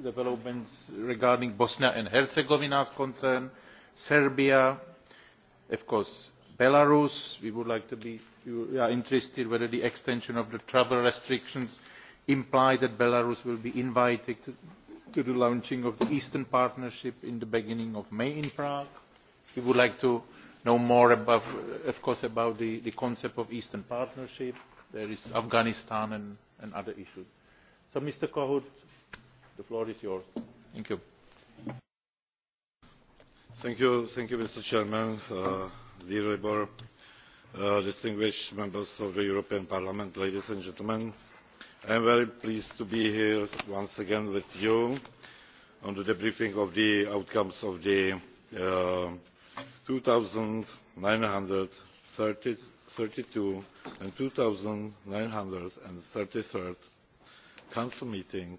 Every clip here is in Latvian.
developments regarding Bosnia and Herzegovina is concerned, Serbia, of course, Belarus. We would like to be we are interested whether the extension of the travel restrictions imply that Belarus will be invited to, to the launching of the Eastern Partnership in the beginning of May in Prague. We would like to know more, above, of course, about the, the concept of Eastern Partnership. There is Afghanistan and, and other issues. So, Mr. Kohut, The floor is yours. Thank you. Thank you, thank you Mr. Chairman, uh, dear Labour, uh, distinguished members of the European Parliament, ladies and gentlemen. I am very pleased to be here once again with you on the debriefing of the outcomes of the uh, 2930 32 and 2933rd Council meeting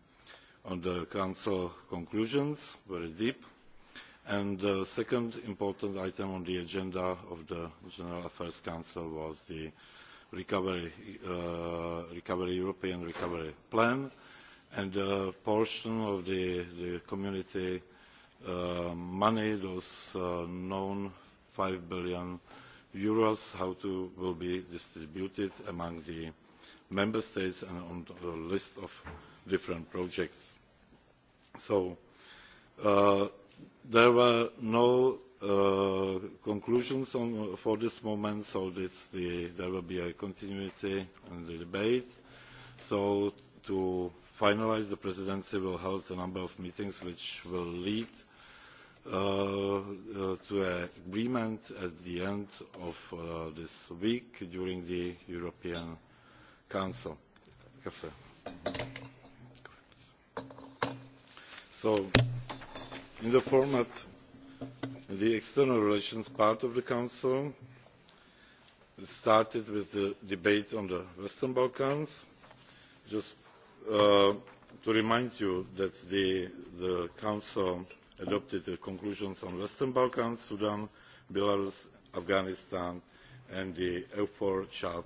on the council conclusions very deep and the second important item on the agenda of the general affairs council was the recovery, uh, recovery european recovery plan and a portion of the, the community uh, money those uh, known 5 billion euros how to will be distributed among the member states and on the list of different projects. So uh, there were no uh, conclusions on, for this moment, so this the, there will be a continuity in the debate. So to finalise, the presidency will hold a number of meetings which will lead uh, uh, to an agreement at the end of uh, this week during the European Council. So, in the format, the external relations part of the Council started with the debate on the Western Balkans. Just uh, to remind you that the, the Council adopted the conclusions on Western Balkans, Sudan, Belarus, Afghanistan, and the EUFOR Chart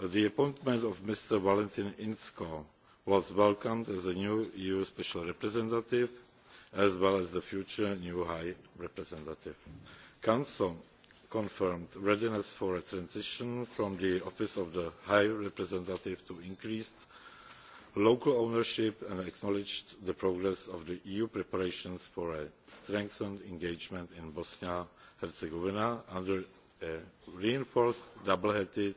the appointment of mr valentin inzko was welcomed as the new eu special representative as well as the future new high representative. the council confirmed readiness for a transition from the office of the high representative to increased local ownership and acknowledged the progress of the eu preparations for a strengthened engagement in bosnia and herzegovina under a reinforced double headed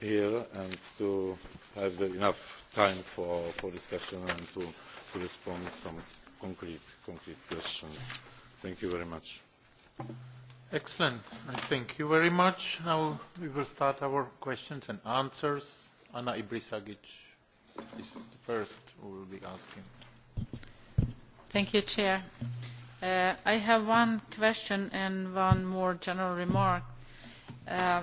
here and to have enough time for, for discussion and to, to respond to some concrete, concrete questions. Thank you very much. Excellent. And thank you very much. Now we will start our questions and answers. Anna Ibrisagic is the first who will be asking. Thank you, Chair. Uh, I have one question and one more general remark. Uh,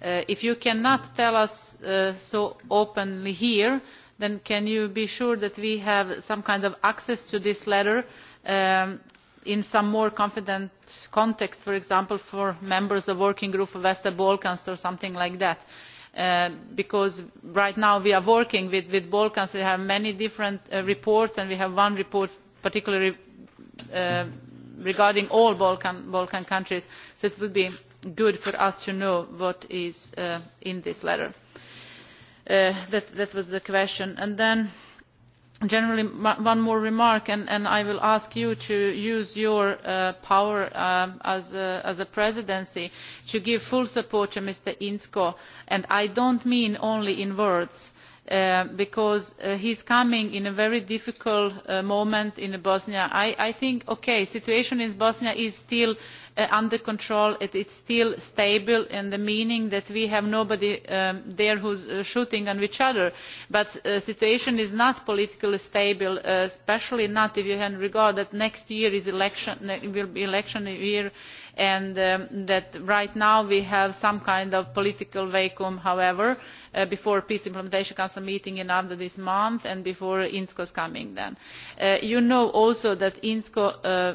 Uh, if you cannot tell us uh, so openly here then can you be sure that we have some kind of access to this letter um, in some more confident context for example for members of the working group for western balkans or something like that uh, because right now we are working with the balkans we have many different uh, reports and we have one report particularly uh, regarding all balkan, balkan countries so it would be good for us to know what is uh, in this letter. Uh, that, that was the question. And then generally one more remark and, and i will ask you to use your uh, power um, as, a, as a presidency to give full support to mr inzko and i do not mean only in words uh, because uh, he is coming in a very difficult uh, moment in bosnia. i, I think okay, the situation in bosnia is still Uh, under control it is still stable in the meaning that we have nobody um, there who is uh, shooting at each other but the uh, situation is not politically stable uh, especially not if you have regard that next year is election will be election year and um, that right now we have some kind of political vacuum however uh, before the peace implementation council meeting in after this month and before INSCO is coming then. Uh, you know also that INSCO uh,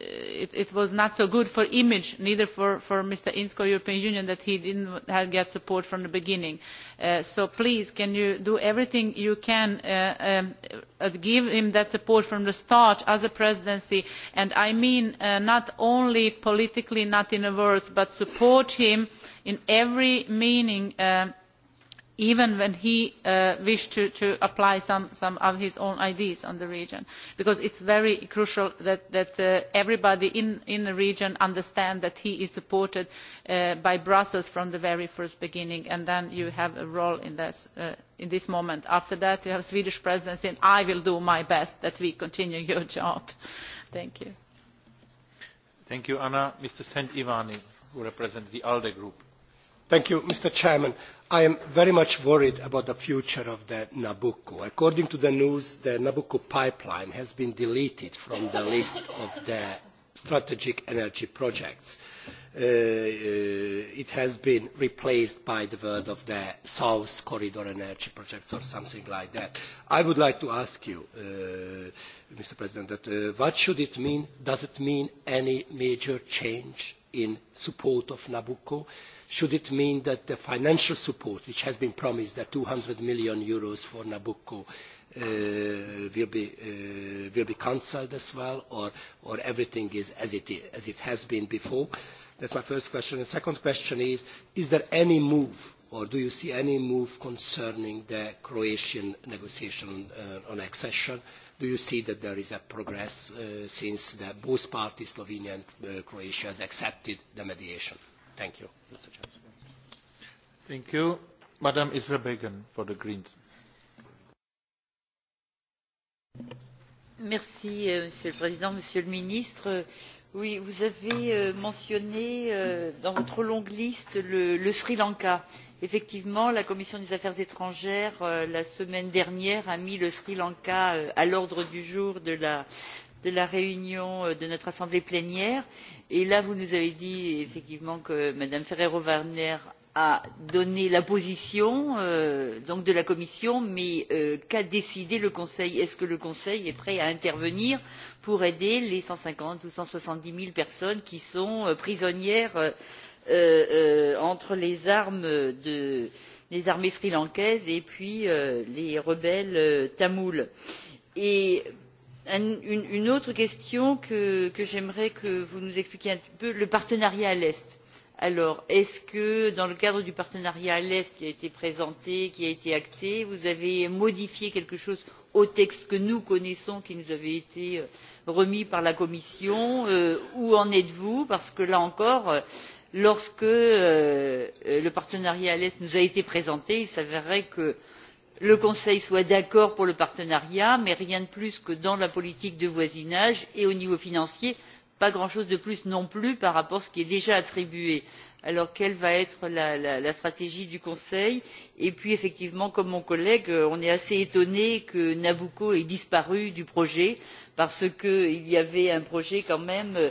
it, it was not so good for image, neither for, for Mr. Insko, European Union, that he didn't have get support from the beginning. Uh, so please, can you do everything you can uh, um, uh, give him that support from the start as a presidency? And I mean uh, not only politically, not in the words, but support him in every meaning. Uh, even when he uh, wished to, to apply some, some of his own ideas on the region because it is very crucial that, that uh, everybody in, in the region understands that he is supported uh, by brussels from the very first beginning and then you have a role in this, uh, in this moment. after that you have the swedish presidency saying i will do my best that we continue your job. thank you. thank you anna. mr saint ivani who represents the alde group. thank you mr chairman I am very much worried about the future of the Nabucco. According to the news, the Nabucco pipeline has been deleted from the list of the strategic energy projects. Uh, uh it has been replaced by the word of the South Corridor energy projects or something like that. I would like to ask you, uh, Mr. President, that, uh, what should it mean? Does it mean any major change in support of Nabucco? Uh, should it mean that the financial support which has been promised that eur two hundred million Euros for nabucco uh, will be, uh, be cancelled as well or, or everything is as it, as it has been before? that is my first question. the second question is is there any move or do you see any move concerning the croatian negotiation uh, on accession? do you see that there is a progress uh, since the, both parties slovenia and uh, croatia have accepted the mediation? Thank you, Mr. Chair. Thank you. Madam Isra Began for the Greens. Merci, euh, Monsieur le Président, Monsieur le Ministre. Oui, vous avez euh, mentionné euh, dans votre longue liste le, le Sri Lanka. Effectivement, la Commission des affaires étrangères, la semaine dernière, a mis le Sri Lanka à l'ordre du jour de la, de la réunion euh, de notre assemblée plénière et là vous nous avez dit effectivement que mme ferrero waldner a donné la position euh, de la commission mais euh, qu'a décidé le conseil? est ce que le conseil est prêt à intervenir pour aider les cent cinquante ou cent soixante dix zéro personnes qui sont euh, prisonnières euh, euh, entre les armes de, des armées sri lankaises et puis les rebelles tamouls? et Un, une, une autre question que, que j'aimerais que vous nous expliquiez un petit peu le partenariat à l'est. alors est ce que dans le cadre du partenariat à l'est qui a été présenté qui a été acté vous avez modifié quelque chose au texte que nous connaissons qui nous avait été euh, remis par la commission euh, où en êtes vous parce que là encore euh, lorsque euh, le partenariat à l'est nous a été présenté il s'avérait que euh, le conseil soit d'accord pour le partenariat mais rien de plus que dans la politique de voisinage et au niveau financier pas grand chose de plus non plus par rapport à ce qui est déjà attribué. alors quelle va être la, la, la stratégie du conseil? et puis effectivement comme mon collègue euh, on est assez étonné que nabucco ait disparu du projet parce qu'il y avait un projet quand même euh,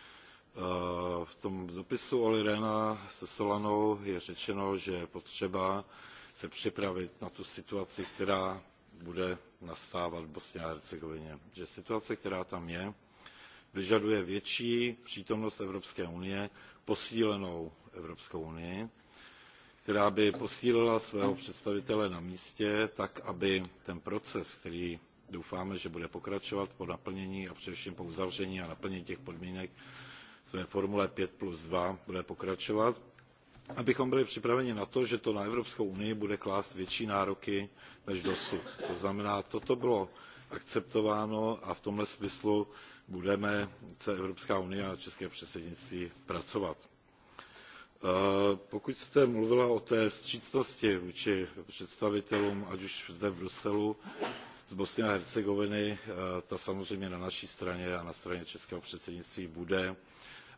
Eh, v tom dopisu Oli Rena se Solanou je řečeno, že je potřeba se připravit na tu situaci, která bude nastávat v Bosně a Hercegovině. Že situace, která tam je, vyžaduje větší přítomnost Evropské unie, posílenou Evropskou unii, která by posílila svého představitele na místě tak, aby ten proces, který doufáme, že bude pokračovat po naplnění a především po uzavření a naplnění těch podmínek, ve formule 5 plus 2 bude pokračovat, abychom byli připraveni na to, že to na Evropskou unii bude klást větší nároky než dosud. To znamená, toto bylo akceptováno a v tomhle smyslu budeme se Evropská unie a České předsednictví pracovat. Eh, pokud jste mluvila o té vstřícnosti vůči představitelům, ať už zde v Bruselu, z Bosny a Hercegoviny, eh, ta samozřejmě na naší straně a na straně českého předsednictví bude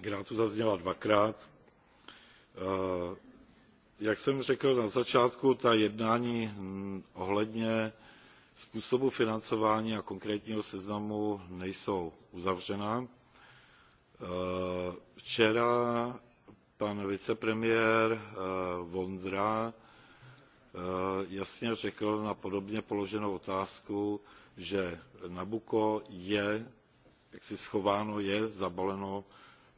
která tu zazněla dvakrát. Eh, jak jsem řekl na začátku, ta jednání hm, ohledně způsobu financování a konkrétního seznamu nejsou uzavřena. Eh, včera pan vicepremiér eh, Vondra jasně řekl na podobně položenou otázku, že Nabuko je jaksi schováno, je zabaleno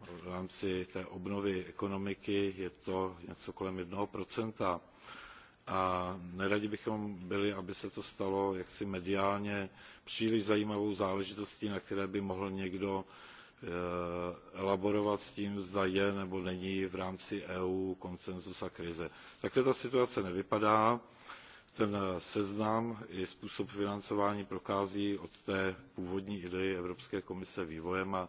v rámci té obnovy ekonomiky je to něco kolem jednoho procenta a neradi bychom byli aby se to stalo jaksi mediálně příliš zajímavou záležitostí na které by mohl někdo e, elaborovat s tím zda je nebo není v rámci eu konsenzus a krize. takhle ta situace nevypadá ten seznam i způsob financování prochází od té původní idei evropské komise vývojem a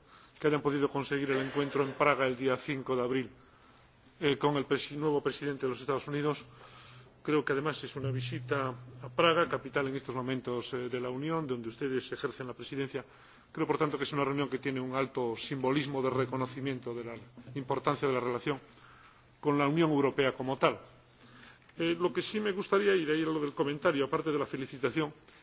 que hayan podido conseguir el encuentro en praga el día cinco de abril eh, con el pres nuevo presidente de los estados unidos. creo que además es una visita a praga capital en estos momentos eh, de la unión donde ustedes ejercen la presidencia. creo por tanto que es una reunión que tiene un alto simbolismo de reconocimiento de la importancia de la relación con la unión europea como tal. Eh, lo que sí me gustaría y de ahí lo del comentario aparte de la felicitación es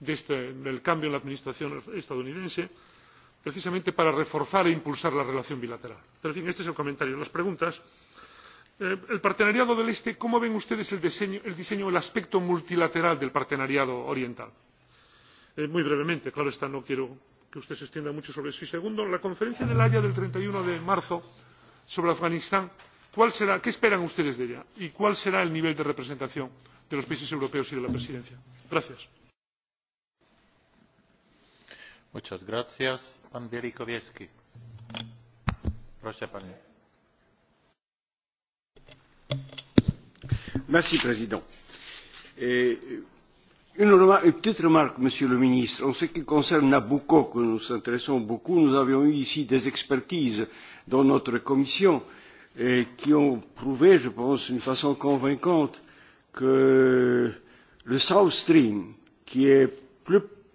de este, del cambio en la administración estadounidense precisamente para reforzar e impulsar la relación bilateral. Pero, en fin, este es el comentario. Las preguntas. Eh, el partenariado del Este, ¿cómo ven ustedes el diseño, el diseño, el aspecto multilateral del partenariado oriental? Eh, muy brevemente, claro está, no quiero que usted se extienda mucho sobre eso. Y segundo, la conferencia en el Haya del 31 de marzo sobre Afganistán, ¿cuál será, ¿qué esperan ustedes de ella? ¿Y cuál será el nivel de representación de los países europeos y de la presidencia? Gracias. Gracias, pan Proste, Merci, président eh, une, une petite remarque monsieur le ministre en ce qui concerne nabucco que nous nous intéressons beaucoup nous avions eu ici des expertises dans notre commission eh, qui ont prouvé je pense d'une façon convaincante que le south stream qui est plus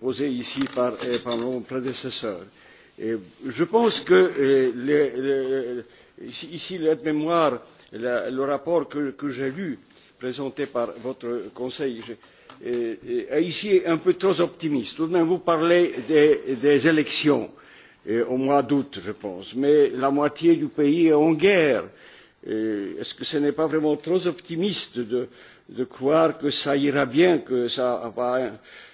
posée ici par, euh, par mon prédécesseur. Et je pense que eh, le, le, ici l'aide mémoire la, le rapport que, que j'ai lu présenté par votre conseil eh, euh, eh, ici est ici un peu trop optimiste. tout de même vous parlez des, des élections euh, au mois d'août je pense mais la moitié du pays est en guerre. est ce que ce n'est pas vraiment trop optimiste de, de croire que ça ira bien que ça va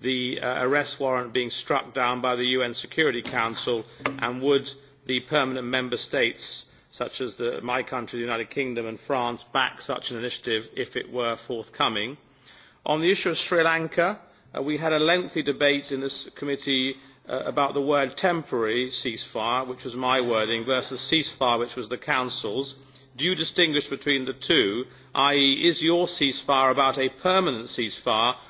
the uh, arrest warrant being struck down by the un security council and would the permanent member states such as the, my country the united kingdom and france back such an initiative if it were forthcoming? on the issue of sri lanka uh, we had a lengthy debate in this committee uh, about the word temporary ceasefire which was my wording versus ceasefire which was the council's do you distinguish between the two i. e. is your ceasefire about a permanent ceasefire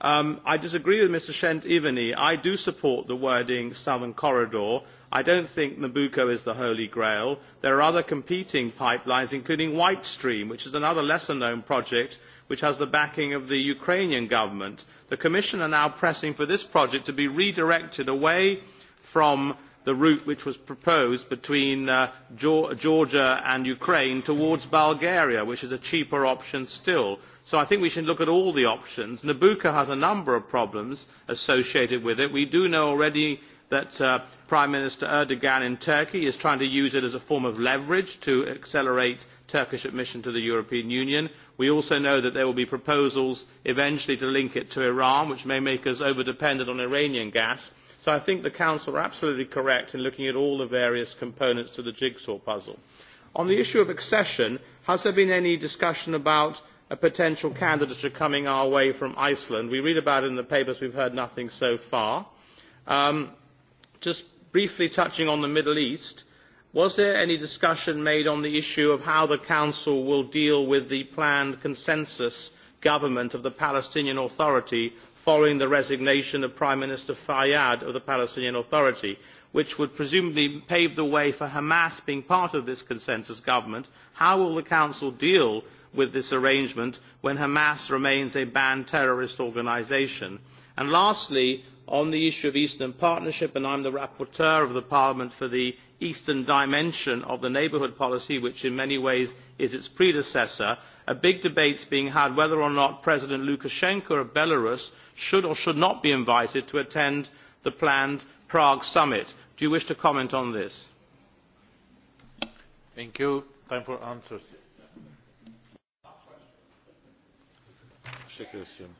Um, I disagree with Mr. Shent-Ivany. I do support the wording Southern Corridor. I don't think Nabucco is the holy grail. There are other competing pipelines, including White Stream, which is another lesser-known project which has the backing of the Ukrainian government. The Commission are now pressing for this project to be redirected away from the route which was proposed between uh, Georgia and Ukraine towards Bulgaria, which is a cheaper option still so i think we should look at all the options. nabucco has a number of problems associated with it. we do know already that uh, prime minister erdoan in turkey is trying to use it as a form of leverage to accelerate turkish admission to the european union. we also know that there will be proposals eventually to link it to iran which may make us over dependent on iranian gas. so i think the council are absolutely correct in looking at all the various components to the jigsaw puzzle. on the issue of accession has there been any discussion about a potential candidature coming our way from iceland. we read about it in the papers we have heard nothing so far. Um, just briefly touching on the middle east was there any discussion made on the issue of how the council will deal with the planned consensus government of the palestinian authority following the resignation of prime minister fayyad of the palestinian authority which would presumably pave the way for hamas being part of this consensus government how will the council deal with this arrangement when hamas remains a banned terrorist organisation. lastly on the issue of eastern partnership and i am the rapporteur of parliament for the eastern dimension of the neighbourhood policy which in many ways is its predecessor a big debate is being had whether or not president lukashenko of belarus should or should not be invited to attend the planned prague summit. do you wish to comment on this? secreción.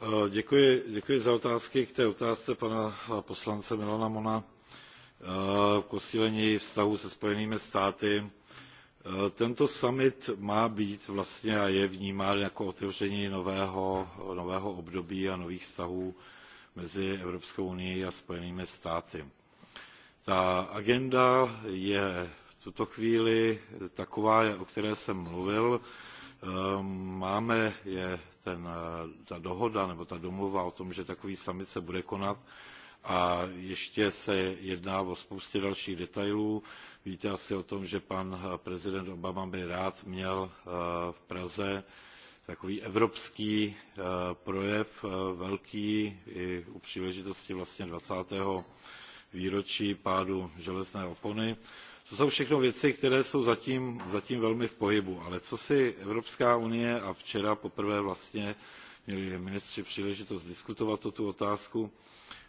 Eh, děkuji, děkuji za otázky k té otázce pana eh, poslance Milana Mona eh, k posílení vztahu se Spojenými státy. Tento summit má být vlastně a je vnímán jako otevření nového, nového období a nových vztahů mezi Evropskou unii a Spojenými státy Ta agenda je v tuto chvíli taková, o které jsem mluvil. Ehm, máme je ten, ta dohoda nebo ta domluva o tom, že takový summit se bude konat a ještě se jedná o spoustě dalších detailů. Víte asi o tom, že pan prezident Obama by rád měl eh, v Praze takový evropský eh, projev eh, velký i u příležitosti vlastně 20 výročí pádu železné opony. To jsou všechno věci, které jsou zatím, zatím velmi v pohybu. Ale co si Evropská unie a včera poprvé vlastně měli ministři příležitost diskutovat o tu otázku,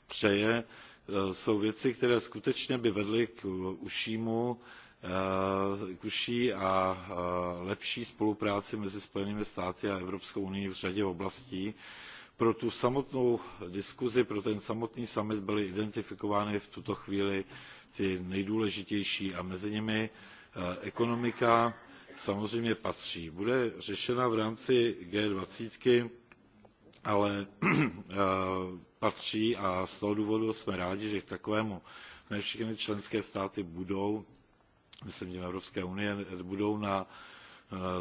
přeje, eh, jsou věci, které skutečně by vedly k užšímu eh, k užší a eh, lepší spolupráci mezi Spojenými státy a Evropskou unii v řadě oblastí pro tu samotnou diskuzi pro ten samotný summit byly identifikovány v tuto chvíli ty nejdůležitější a mezi nimi eh, ekonomika samozřejmě patří. bude řešena v rámci g twenty ale eh, patří a z toho důvodu jsme rádi že k takovému ne všechny členské státy budou myslím tím evropské unie budou na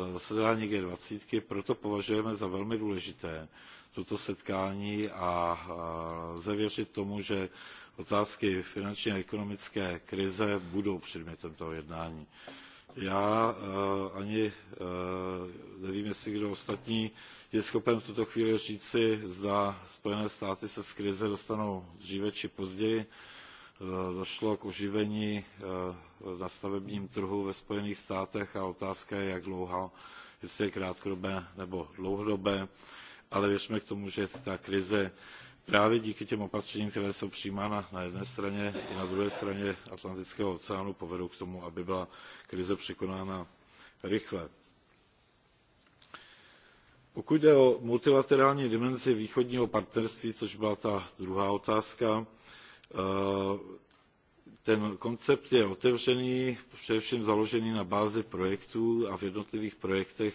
eh, zasedání g twenty proto považujeme za velmi důležité toto setkání a lze věřit tomu, že otázky finanční a ekonomické krize budou předmětem toho jednání. Já e, ani e, nevím, jestli kdo ostatní je schopen v tuto chvíli říci, zda Spojené státy se z krize dostanou dříve či později. E, došlo k oživení na stavebním trhu ve Spojených státech a otázka je, jak dlouhá, jestli je krátkodobé nebo dlouhodobé. Uh, ale věřme k tomu, že ta krize právě díky těm opatřením, které jsou přijímána na jedné straně i na druhé straně Atlantického oceánu, povedou k tomu, aby byla krize překonána rychle. Pokud jde o multilaterální dimenzi východního partnerství, což byla ta druhá otázka, eh, ten koncept je otevřený, především založený na bázi projektů a v jednotlivých projektech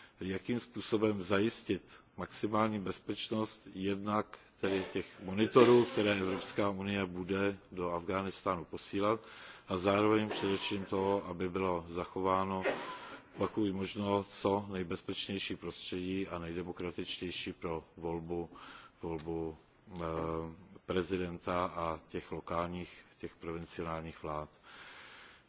jakým způsobem zajistit maximální bezpečnost jednak tedy těch monitorů které evropská unie bude do afghánistánu posílat a zároveň především toho aby bylo zachováno opakuji možno co nejbezpečnější prostředí a nejdemokratičtější pro volbu, volbu eh, prezidenta a těch lokálních těch provinciálních vlád. Eh,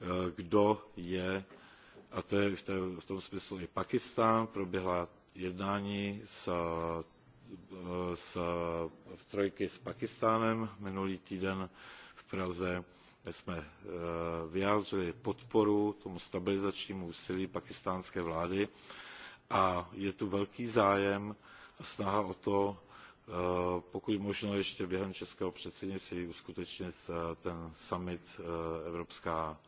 Eh, kdo je a to je v, té, v tom smyslu i Pakistán, proběhla jednání s, eh, s trojky s Pakistánem minulý týden v Praze, kde jsme eh, vyjádřili podporu tomu stabilizačnímu úsilí pakistánské vlády a je tu velký zájem a snaha o to Eh, pokud možno ještě během českého předsednictví uskutečnit eh, ten summit eh, Evropská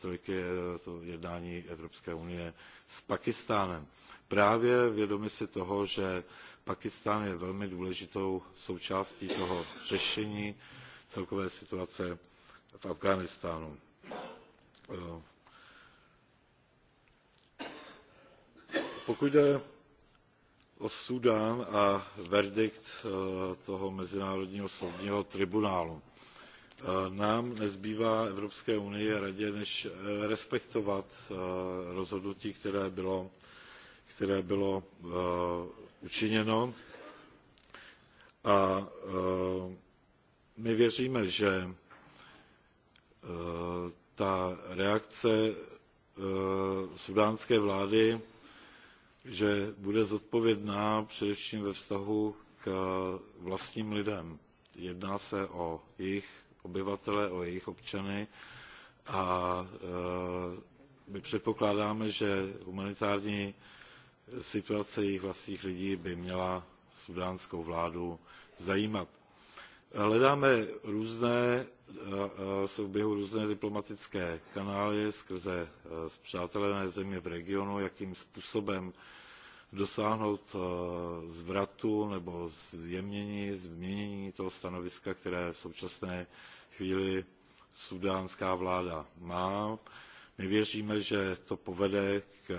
trojky, to jednání Evropské unie s Pakistánem. Právě vědomi si toho, že Pakistán je velmi důležitou součástí toho řešení celkové situace v Afghánistánu. Pokud jde o súdán a verdikt eh, toho mezinárodního soudního tribunálu. Eh, nám nezbývá evropské unii a radě než eh, respektovat rozhodnutí které bylo, které bylo učiněno a my věříme že ta reakce sudánské vlády že bude zodpovědná především ve vztahu k vlastním lidem. Jedná se o jejich obyvatele, o jejich občany a e, my předpokládáme, že humanitární situace jejich vlastních lidí by měla sudánskou vládu zajímat. Hledáme různé jsou v běhu různé diplomatické kanály skrze spřátelené země v regionu, jakým způsobem dosáhnout zvratu nebo zjemnění, změnění toho stanoviska, které v současné chvíli sudánská vláda má. My věříme, že to povede, k,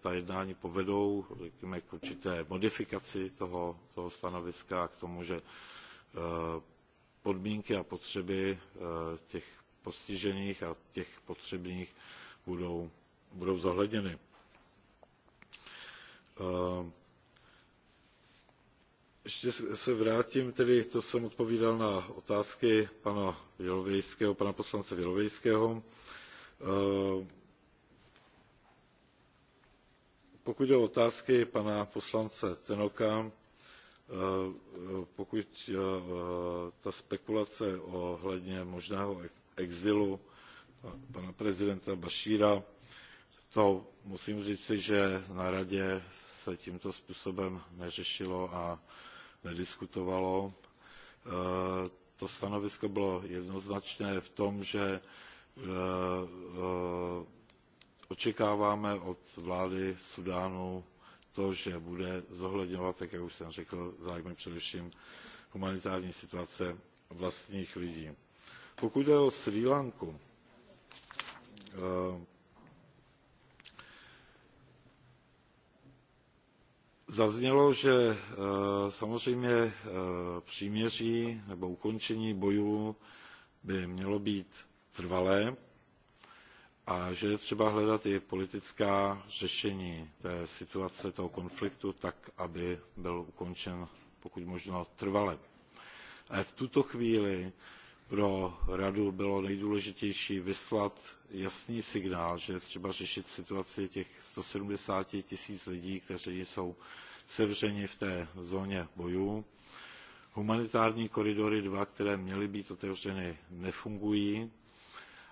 ta jednání povedou řekněme, k určité modifikaci toho, toho stanoviska a k tomu, že podmínky a potřeby eh, těch postižených a těch potřebných budou, budou zohledněny. Eh, ještě se vrátím, tedy to jsem odpovídal na otázky pana Vělovejského, pana poslance Vělovejského. Eh, pokud jde o otázky pana poslance Tenoka, Eh, pokud eh, ta spekulace ohledně možného exilu eh, pana prezidenta Bašíra, to musím říci, že na radě se tímto způsobem neřešilo a nediskutovalo. To stanovisko bylo jednoznačné v tom, že očekáváme od vlády Sudánu to, že bude zohledňovat, tak jak už jsem řekl, zájmy především humanitární situace vlastních lidí. Pokud jde o Sri Lanku, eh, Zaznělo, že eh, samozřejmě eh, příměří nebo ukončení bojů by mělo být trvalé a že je třeba hledat i politická řešení té situace, toho konfliktu, tak, aby byl ukončen pokud možno trvale. Ale v tuto chvíli pro radu bylo nejdůležitější vyslat jasný signál, že je třeba řešit situaci těch 170 tisíc lidí, kteří jsou sevřeni v té zóně bojů. Humanitární koridory 2, které měly být otevřeny, nefungují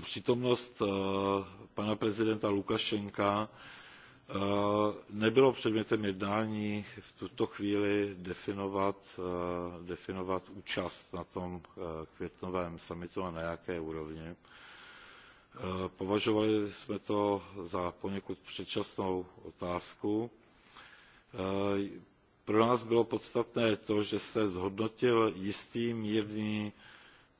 přítomnost eh, pana prezidenta Lukašenka eh, nebylo předmětem jednání v tuto chvíli definovat, eh, definovat účast na tom květnovém summitu a na jaké úrovni. Považovali jsme to za poněkud předčasnou otázku. Pro nás bylo podstatné to, že se zhodnotil jistý mírný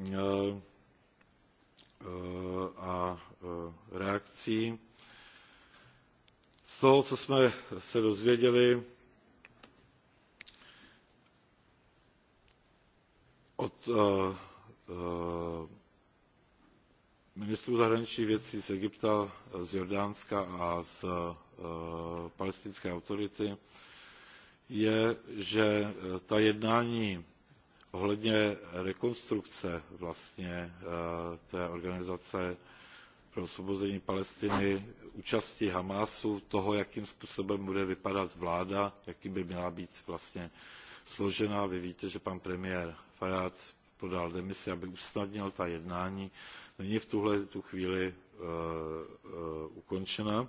Eh, eh, a eh, reakcí. Z toho, co jsme se dozvěděli od ministrů zahraničních věcí z Egypta, z Jordánska a z palestinské autority, je, že ta jednání ohledně rekonstrukce vlastně eh, té organizace pro osvobození Palestiny, účasti Hamásu, toho, jakým způsobem bude vypadat vláda, jaký by měla být vlastně složena. Vy víte, že pan premiér Fayad podal demisi, aby usnadnil ta jednání. Není v tuhle tu chvíli uh, uh, ukončena. Uh,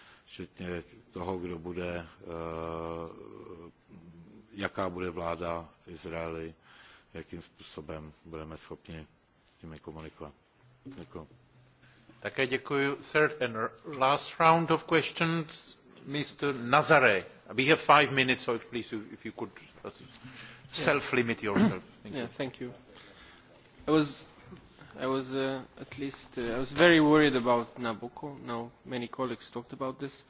včetně toho, kdo bude, eh, jaká bude vláda v Izraeli, jakým způsobem budeme schopni s nimi komunikovat. Děkuji. Také děkuji. Third and last round of questions, Mr. Nazare. We have five minutes, so please, if you could uh, self-limit yourself. Thank you. Yeah, thank you. I was I was uh, at least uh, I was very worried about Nabucco. Now many colleagues talked about this.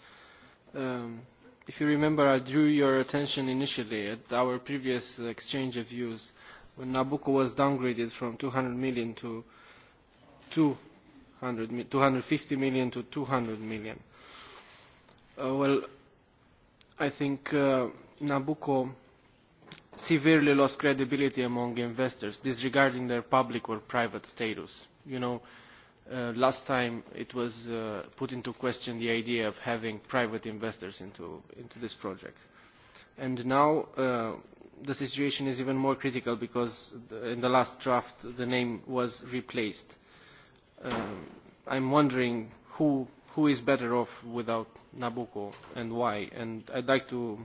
Um, if you remember, I drew your attention initially at our previous exchange of views when Nabucco was downgraded from 200 million to 200, 250 million to 200 million. Uh, well, I think uh, Nabucco severely lost credibility among investors, disregarding their public or private status. You know, uh, last time it was uh, put into question the idea of having private investors into, into this project. And now uh, the situation is even more critical because the, in the last draft the name was replaced. Um, I'm wondering who, who is better off without Nabucco and why, and I'd like to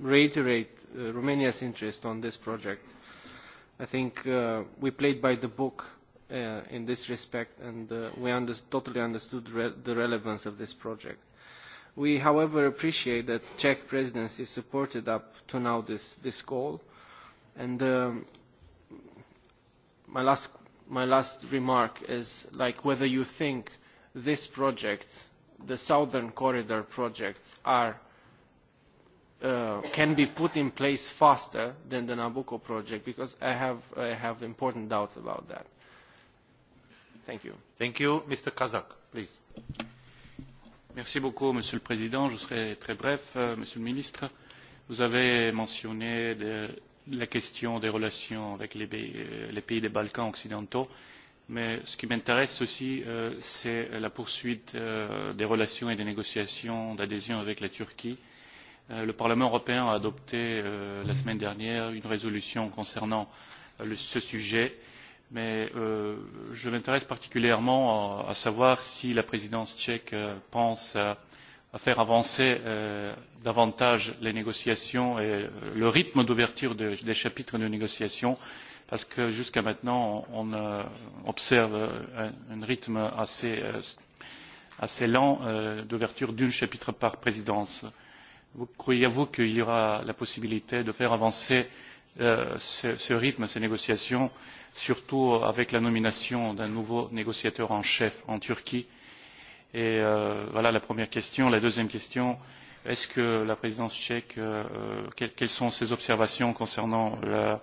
reiterate uh, Romania's interest on this project. I think uh, we played by the book uh, in this respect and uh, we under totally understood re the relevance of this project. We, however, appreciate that Czech presidency supported up to now this, this goal. And um, my, last, my last remark is like whether you think this project, the Southern Corridor projects, are uh, can be put in place faster than the Nabucco project because I have, I have important doubts about that. Thank you. Thank you. Mr. Kazak, please. Merci beaucoup, Monsieur le Président. Je serai très bref, euh, Monsieur le Ministre. Vous avez mentionné de, la question des relations avec les, euh, les pays des Balkans occidentaux, mais ce qui m'intéresse aussi, euh, c'est la poursuite euh, des relations et des négociations d'adhésion avec la Turquie. Euh, Euh, le parlement européen a adopté euh, la semaine dernière une résolution concernant euh, ce sujet mais je m'intéresse particulièrement à savoir si la présidence tchèque pense à faire avancer davantage les négociations et le rythme d'ouverture des chapitres de négociation parce que jusqu'à maintenant on observe un rythme assez lent d'ouverture d'un chapitre par présidence croyez vous qu'il y aura la possibilité de faire avancer euh, ce, ce rythme ces négociations surtout avec la nomination d'un nouveau négociateur en chef en turquie? Et, euh, voilà la première question. la deuxième question est ce que la présidence tchèque euh, quelles, quelles sont ses observations concernant la,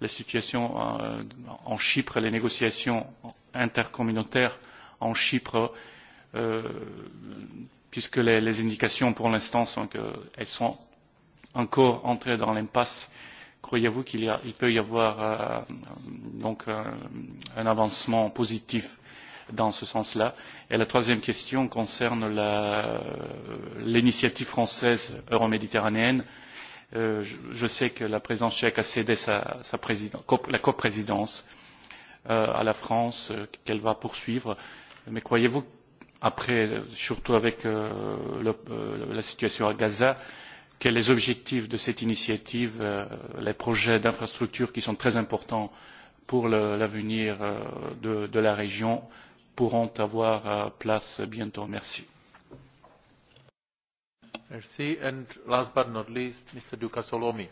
la situation en, euh, en chypre les négociations intercommunautaires en chypre? euh, puisque les, les indications pour l'instant sont qu'elles sont encore entrées dans l'impasse, croyez-vous qu'il il peut y avoir euh, donc euh, un avancement positif dans ce sens-là Et la troisième question concerne l'initiative française euroméditerranéenne. Euh, je, je sais que la présidence tchèque a cédé sa, sa président, cop, la coprésidence euh, à la France, euh, qu'elle va poursuivre. Mais croyez-vous après, surtout avec euh, le, euh, la situation à Gaza, que les objectifs de cette initiative, euh, les projets d'infrastructures qui sont très importants pour l'avenir euh, de, de la région, pourront avoir euh, place bientôt. Merci. Merci. And last but not least, Mr. Duca Solomi.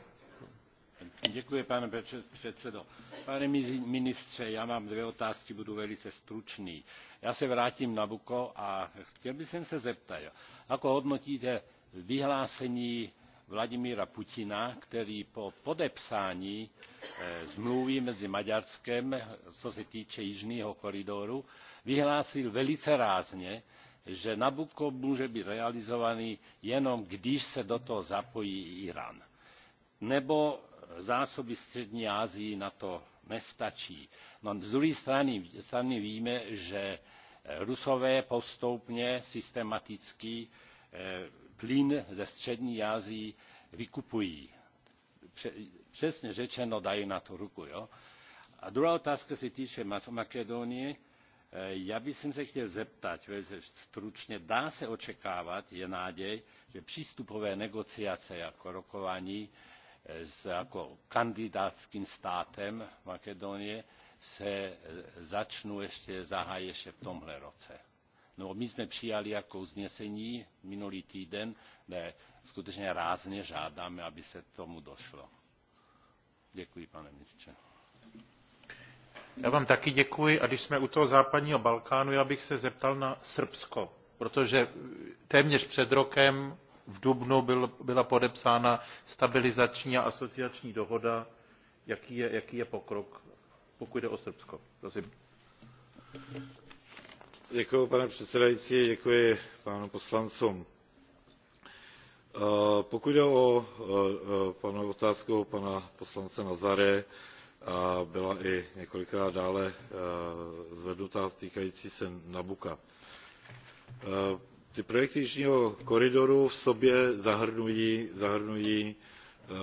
Děkuji, pane předsedo. Pane ministře, já mám dvě otázky, budu velice stručný. Já se vrátím na Buko a chtěl bych se zeptat, ako hodnotíte vyhlásení Vladimíra Putina, který po podepsání e, zmluvy mezi Maďarskem, co se týče jižního koridoru, vyhlásil velice rázně, že Nabucco může být realizovaný jenom, když se do toho zapojí Irán. Nebo zásoby střední asii na to nestačí. No, z druhé strany, strany víme že eh, rusové postupně systematicky eh, plyn ze střední asie vykupují. přesně řečeno dají na to ruku. Jo? a druhá otázka se týče makedonie. Eh, já bych se chtěl zeptat velice stručně dá se očekávat je naděje že přístupové negociace jako rokování z, ako kandidátským státem Makedónie se e, začnú ešte, zahájí ešte v tomhle roce. No my sme přijali ako uznesení minulý týden, kde skutečne rázne žádáme, aby se tomu došlo. Děkuji, pane ministře. Já vám taky děkuji a když jsme u toho západního Balkánu, já bych se zeptal na Srbsko, protože téměř před rokem v dubnu byl, byla podepsána stabilizační a asociační dohoda. Jaký je, jaký je pokrok, pokud jde o Srbsko? Prosím. Děkuji, pane předsedající, děkuji pánu poslancům. Eh, pokud jde o eh, panu otázku pana poslance Nazare, a byla i několikrát dále eh, zvednutá týkající se Nabuka ty projekty jižního koridoru v sobě zahrnují, zahrnují uh,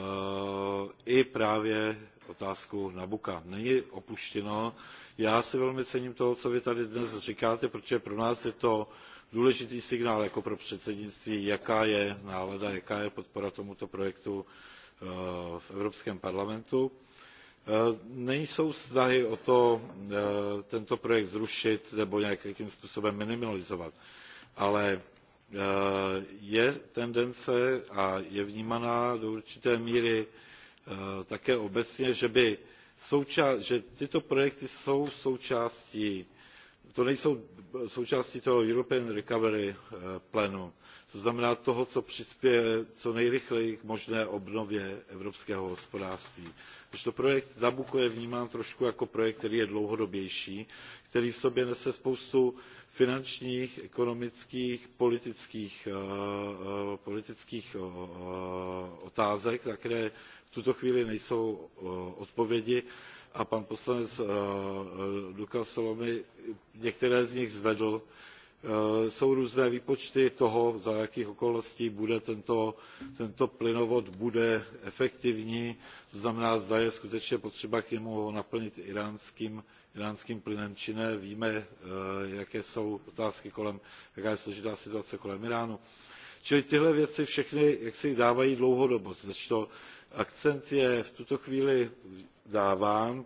i právě otázku nabucca. není opuštěno. já si velmi cením toho co vy tady dnes říkáte protože pro nás je to důležitý signál jako pro předsednictví jaká je nálada jaká je podpora tomuto projektu eh, v evropském parlamentu. Eh, nejsou snahy o to tento projekt zrušit nebo nějak, nějakým způsobem minimalizovat ale e, je tendence a je vnímaná do určité míry e, také obecně že, by součást, že tyto projekty jsou součástí to nejsou součástí toho European Recovery e, plánu, to znamená toho, co přispěje co nejrychleji k možné obnově evropského hospodářství. Když to projekt Nabucco je vnímán trošku jako projekt, který je dlouhodobější, který v sobě nese spoustu uh, finančních ekonomických politických, eh, eh, politických eh, otázek na které v tuto chvíli nejsou odpovědi a pan poslanec luca salomon některé z nich zvedl Eh, jsou různé výpočty toho za jakých okolností bude tento, tento plynovod bude efektivní to znamená zda je skutečně potřeba k němu ho naplnit íránským, íránským plynem či ne víme eh, jaké jsou otázky kolem jaká je složitá situace kolem íránu čili tyhle věci všechny jaksi dávají dlouhodobost kdežto akcent je v tuto chvíli dáván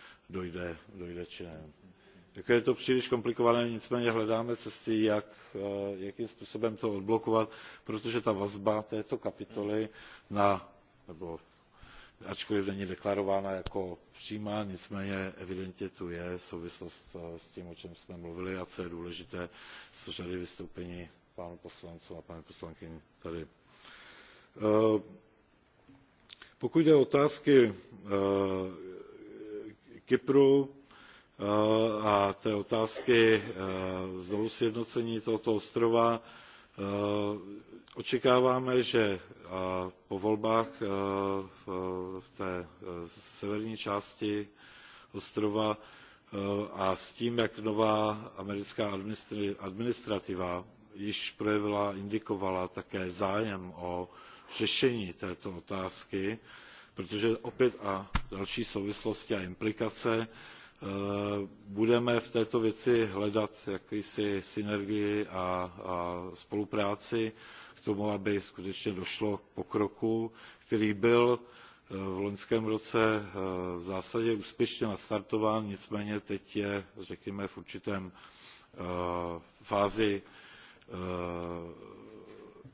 dojde, dojde či ne. Jako je to příliš komplikované, nicméně hledáme cesty, jak, eh, jakým způsobem to odblokovat, protože ta vazba této kapitoly na, nebo ačkoliv není deklarována jako přímá, nicméně evidentně tu je souvislost eh, s tím, o čem jsme mluvili a co je důležité z řady vystoupení pánů poslanců a paní poslankyni tady. Eh, pokud jde o otázky kypru eh, a té otázky eh, znovusjednocení tohoto ostrova eh, očekáváme že po volbách v té severní části ostrova a s tím jak nová americká administrativa již projevila indikovala také zájem o řešení této otázky protože opět a další souvislosti a implikace eh, budeme v této věci hledat jakousi synergii a, a spolupráci k tomu aby skutečně došlo k pokroku který byl eh, v loňském roce eh, v zásadě úspěšně nastartován nicméně teď je řekněme v určité fázi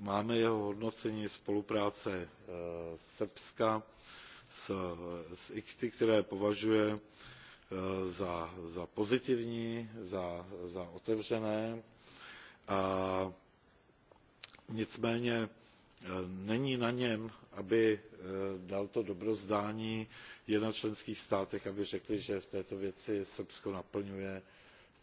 máme jeho hodnocení spolupráce eh, srbska s, s icty které považuje eh, za, za pozitivní za, za otevřené a nicméně eh, není na něm aby dal to dobrozdání je na členských státech aby řekli že v této věci srbsko naplňuje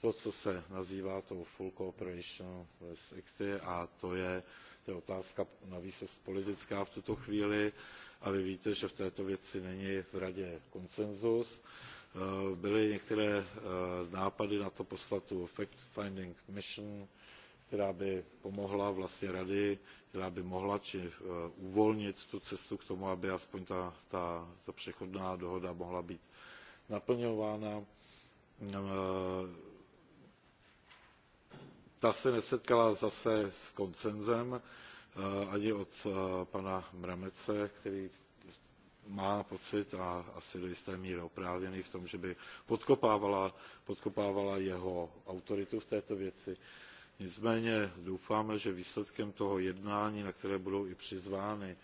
to, co se nazývá tou full cooperation less acty a to je, to je otázka navíc politická v tuto chvíli a vy víte, že v této věci není v radě konsenzus. E, byly některé e, nápady na to poslat tu fact-finding mission, která by pomohla vlastně rady, která by mohla či e, uvolnit tu cestu k tomu, aby aspoň ta, ta, ta přechodná dohoda mohla být naplňována ta se nesetkala zase s konsenzem eh, ani od eh, pana mramece který má pocit a asi do jisté míry oprávněný v tom že by podkopávala, podkopávala jeho autoritu v této věci. nicméně doufáme že výsledkem toho jednání na které budou i přizváni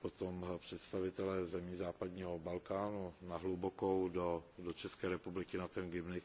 potom představitelé zemí západního balkánu na hlubokou do, do české republiky na ten gymnich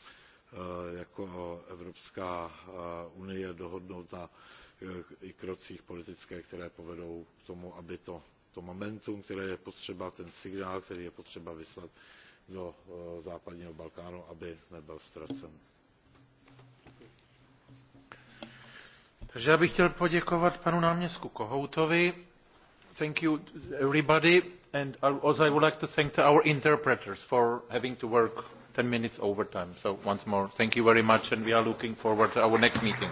Eh, jako Evropská eh, unie dohodnout na eh, i krocích politické, které povedou k tomu, aby to, to momentum, které je potřeba, ten signál, který je potřeba vyslat do západního Balkánu, aby nebyl ztracen. Takže já bych chtěl poděkovat panu náměstku Kohoutovi. Thank you everybody and also i would like to thank our interpreters for having to work ten minutes overtime so once more thank you very much and we are looking forward to our next meeting.